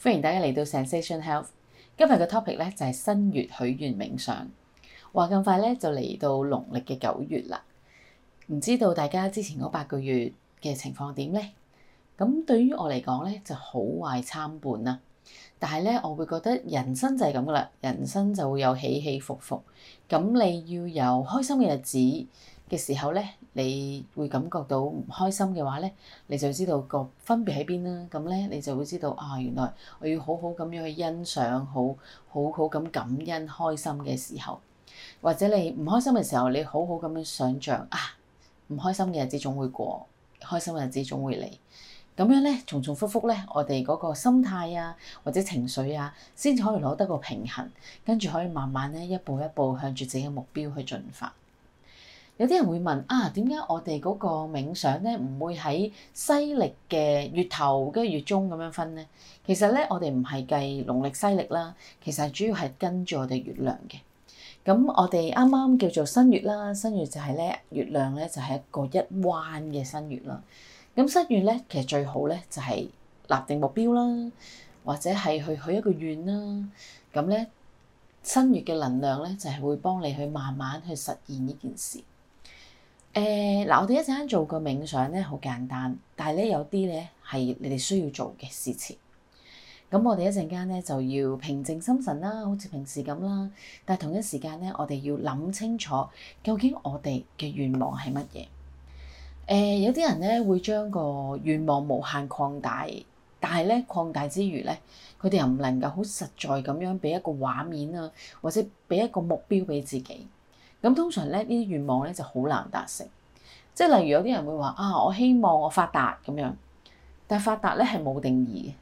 歡迎大家嚟到 Zensation Health。今日嘅 topic 咧就係新月許願冥想。話咁快咧就嚟到農曆嘅九月啦，唔知道大家之前嗰八個月嘅情況點咧？咁對於我嚟講咧就好壞參半啦。但係咧我會覺得人生就係咁噶啦，人生就會有起起伏伏。咁你要有開心嘅日子嘅時候咧，你會感覺到唔開心嘅話咧，你就知道個分別喺邊啦。咁咧，你就會知道，會知道啊，原來我要好好咁樣去欣賞，好好好咁感恩開心嘅時候，或者你唔開心嘅時候，你好好咁樣想像啊，唔開心嘅日子總會過，開心嘅日子總會嚟。咁樣咧，重重覆覆咧，我哋嗰個心態啊，或者情緒啊，先至可以攞得個平衡，跟住可以慢慢咧，一步一步向住自己嘅目標去進發。有啲人會問啊，點解我哋嗰個冥想咧唔會喺西曆嘅月頭跟月中咁樣分咧？其實咧，我哋唔係計農曆西曆啦，其實主要係跟住我哋月亮嘅。咁我哋啱啱叫做新月啦，新月就係咧，月亮咧，就係一個一彎嘅新月啦。咁新月咧，其實最好咧就係立定目標啦，或者係去許一個願啦。咁咧，新月嘅能量咧就係會幫你去慢慢去實現呢件事。誒嗱、呃，我哋一陣間做個冥想咧，好簡單，但係咧有啲咧係你哋需要做嘅事情。咁我哋一陣間咧就要平靜心神啦，好似平時咁啦。但係同一時間咧，我哋要諗清楚究竟我哋嘅願望係乜嘢。誒、呃、有啲人咧會將個願望無限擴大，但係咧擴大之餘咧，佢哋又唔能夠好實在咁樣俾一個畫面啊，或者俾一個目標俾自己。咁通常咧，呢啲願望咧就好難達成，即係例如有啲人會話啊，我希望我發達咁樣，但係發達咧係冇定義嘅，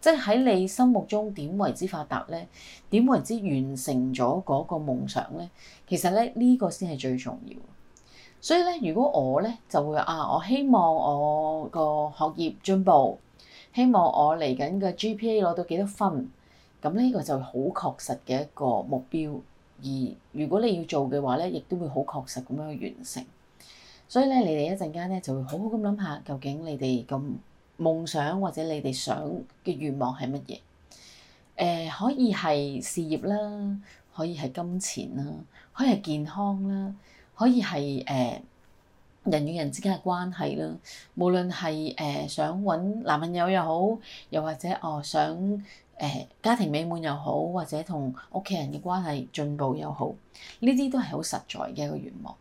即係喺你心目中點為之發達咧？點為之完成咗嗰個夢想咧？其實咧呢個先係最重要。所以咧，如果我咧就會啊，我希望我個學業進步，希望我嚟緊嘅 GPA 攞到幾多分，咁呢個就好確實嘅一個目標。而如果你要做嘅話咧，亦都會好確實咁樣完成。所以咧，你哋一陣間咧就會好好咁諗下，究竟你哋咁夢想或者你哋想嘅願望係乜嘢？誒、呃，可以係事業啦，可以係金錢啦，可以係健康啦，可以係誒、呃、人與人之間嘅關係啦。無論係誒想搵男朋友又好，又或者哦、呃、想。家庭美滿又好，或者同屋企人嘅關係進步又好，呢啲都係好實在嘅一個願望。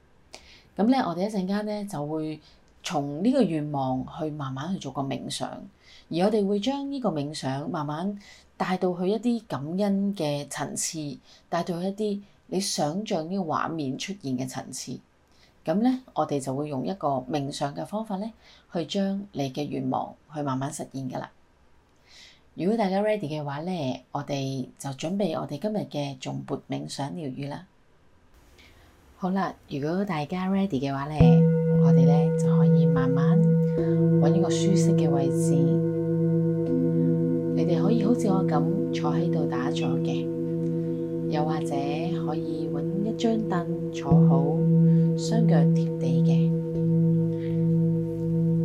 咁咧，我哋一陣間咧就會從呢個願望去慢慢去做個冥想，而我哋會將呢個冥想慢慢帶到去一啲感恩嘅層次，帶到去一啲你想象呢個畫面出現嘅層次。咁咧，我哋就會用一個冥想嘅方法咧，去將你嘅願望去慢慢實現噶啦。如果大家 ready 嘅話咧，我哋就準備我哋今日嘅頌缽冥想療愈啦。好啦，如果大家 ready 嘅話咧，我哋咧就可以慢慢揾一個舒適嘅位置。你哋可以好似我咁坐喺度打坐嘅，又或者可以揾一張凳坐好，雙腳貼地嘅，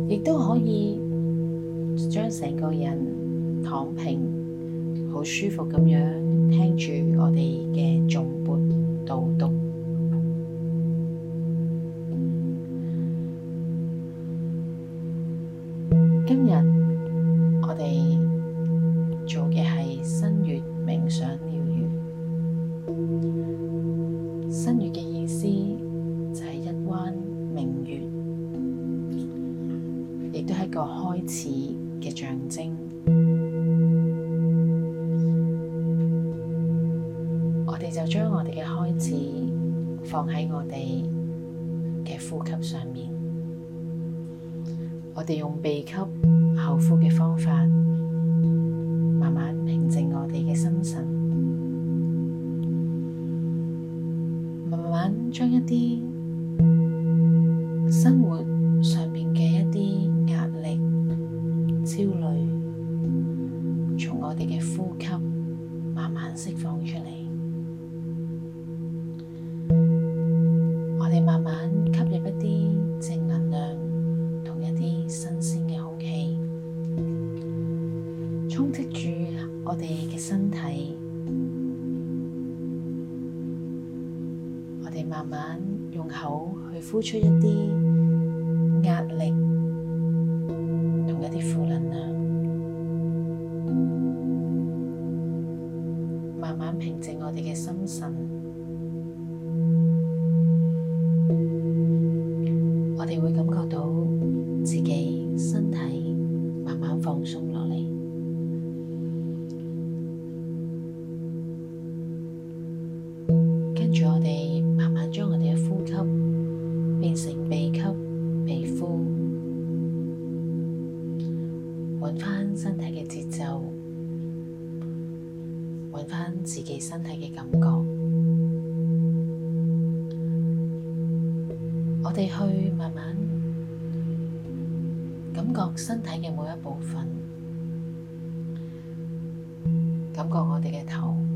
亦都可以將成個人。躺平，好舒服咁樣聽住我哋嘅頌缽導讀，今日。調呼吸嘅方法，慢慢平靜我哋嘅心神，慢慢將一啲。我哋嘅身體，我哋慢慢用口去呼出一啲壓力，同一啲負能量，慢慢平靜我哋嘅心神。跟住我哋慢慢將我哋嘅呼吸變成鼻吸、鼻呼，搵翻身體嘅節奏，搵翻自己身體嘅感覺。我哋去慢慢感覺身體嘅每一部分，感覺我哋嘅頭。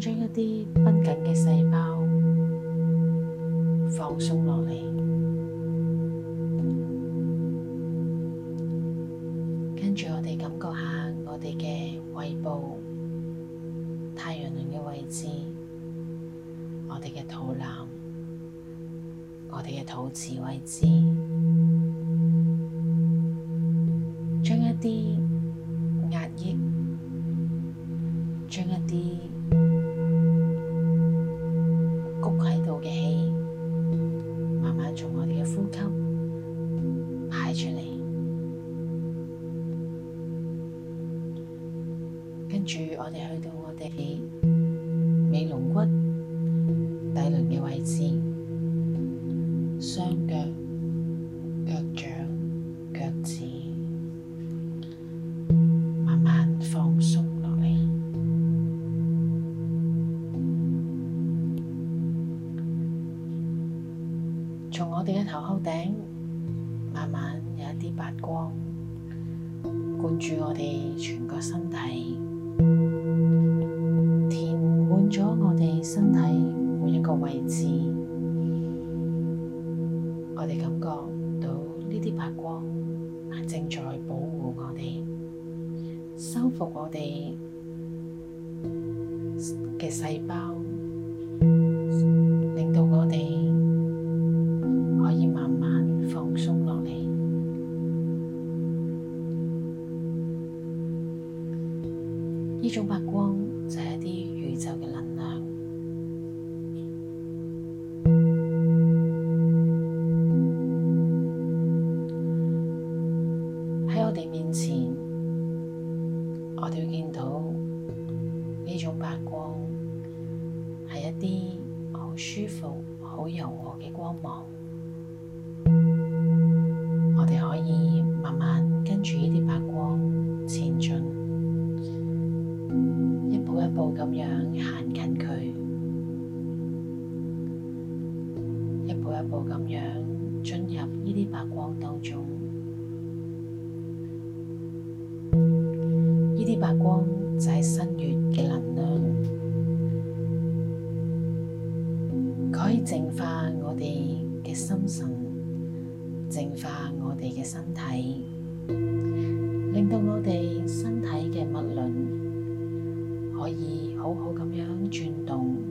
將一啲繃緊嘅細胞放鬆落嚟，嗯、跟住我哋感覺下我哋嘅胃部、太陽輪嘅位置、我哋嘅肚腩、我哋嘅肚臍位置，將一啲。發光，灌注我哋全個身體，填滿咗我哋身體每一個位置，我哋感覺到呢啲白光正在保護我哋，修復我哋嘅細胞。白光係一啲好舒服、好柔和嘅光芒，我哋可以慢慢跟住呢啲白光前進，一步一步咁樣行近佢，一步一步咁樣進入呢啲白光當中，呢啲白光就係新月嘅能量，佢可以淨化我哋嘅心神，淨化我哋嘅身體，令到我哋身體嘅脈輪可以好好咁樣轉動。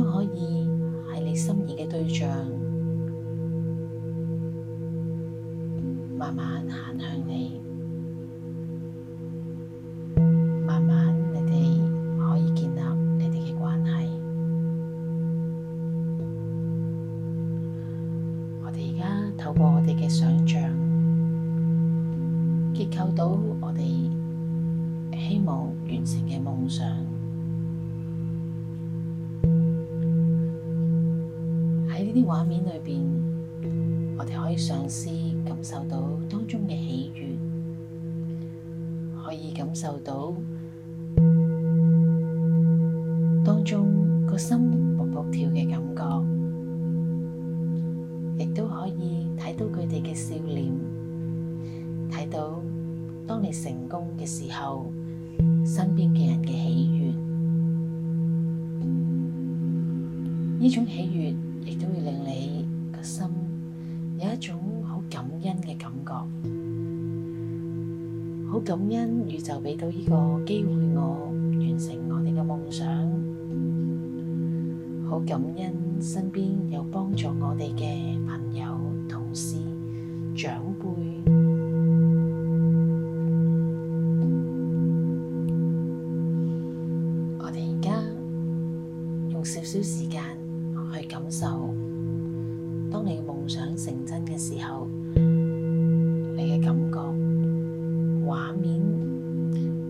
都可以係你心儀嘅對象，慢慢行向你。裏邊，我哋可以嘗試感受到當中嘅喜悅，可以感受到當中個心撲撲跳嘅感覺，亦都可以睇到佢哋嘅笑臉，睇到當你成功嘅時候，身邊嘅人嘅喜悅，呢種喜悅亦都會令你。有一種好感恩嘅感覺，好感恩宇宙俾到呢個機會，我完成我哋嘅夢想，好感恩身邊有幫助我哋嘅朋友。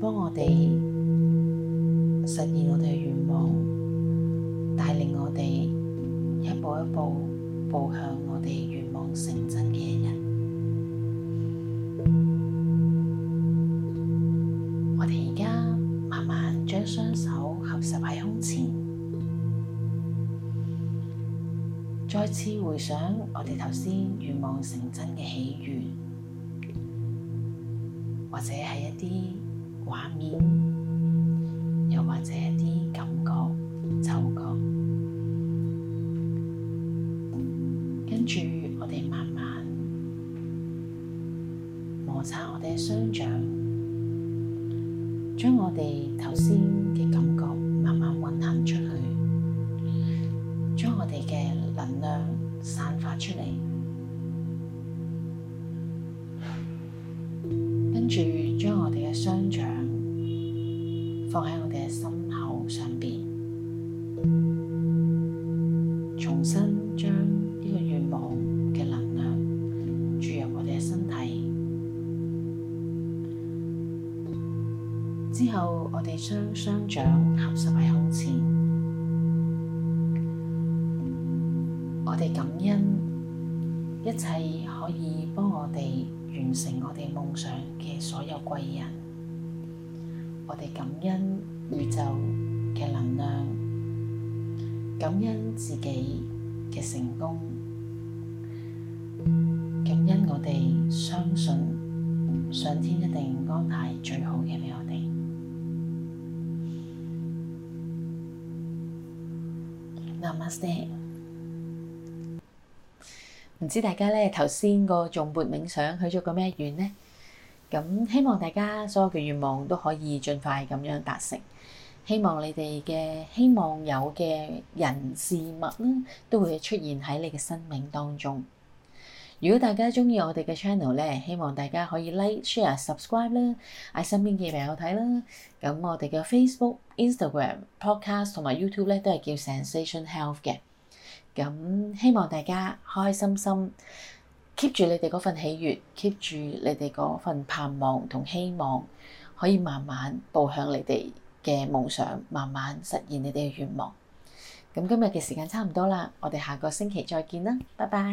幫我哋實現我哋嘅願望，帶領我哋一步一步步向我哋願望成真嘅一日。我哋而家慢慢將雙手合十喺胸前，再次回想我哋頭先願望成真嘅喜悅，或者係一啲。畫面，又或者一啲感覺、嗅覺，跟住我哋慢慢摩擦我哋嘅雙掌，將我哋頭先嘅感覺慢慢運行出去，將我哋嘅能量散發出嚟，跟住將我哋嘅雙掌。放喺我哋嘅心口上邊，重新將呢個願望嘅能量注入我哋嘅身體。之後我長，我哋將雙手合十喺胸前，我哋感恩一切可以幫我哋完成我哋夢想嘅所有貴人。我哋感恩宇宙嘅能量，感恩自己嘅成功，感恩我哋相信上天一定安排最好嘅畀我哋。Namaste。唔知大家呢，頭先個頌缽冥想去咗個咩院呢？咁希望大家所有嘅願望都可以盡快咁樣達成，希望你哋嘅希望有嘅人事物咧都會出現喺你嘅生命當中。如果大家中意我哋嘅 channel 咧，希望大家可以 like、share、subscribe 啦，嗌身邊嘅朋友睇啦。咁我哋嘅 Facebook、Instagram、Podcast 同埋 YouTube 咧都係叫 Zensation Health 嘅。咁希望大家開開心心。keep 住你哋嗰份喜悅，keep 住你哋嗰份盼望同希望，可以慢慢步向你哋嘅夢想，慢慢實現你哋嘅願望。咁今日嘅時間差唔多啦，我哋下個星期再見啦，拜拜。